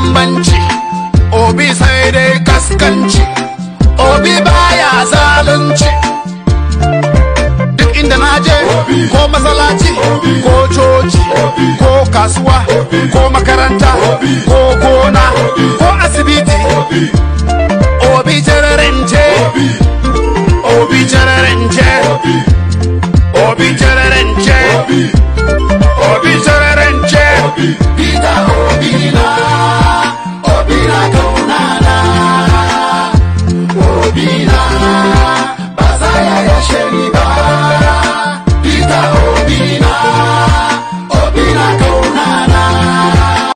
bambanci obi sai dai kaskanci obi baya zalunci duk inda na je ko masalaci ko coci ko kasuwa ko makaranta ko gona ko asibiti obi je? obi jararince obi jararince Campina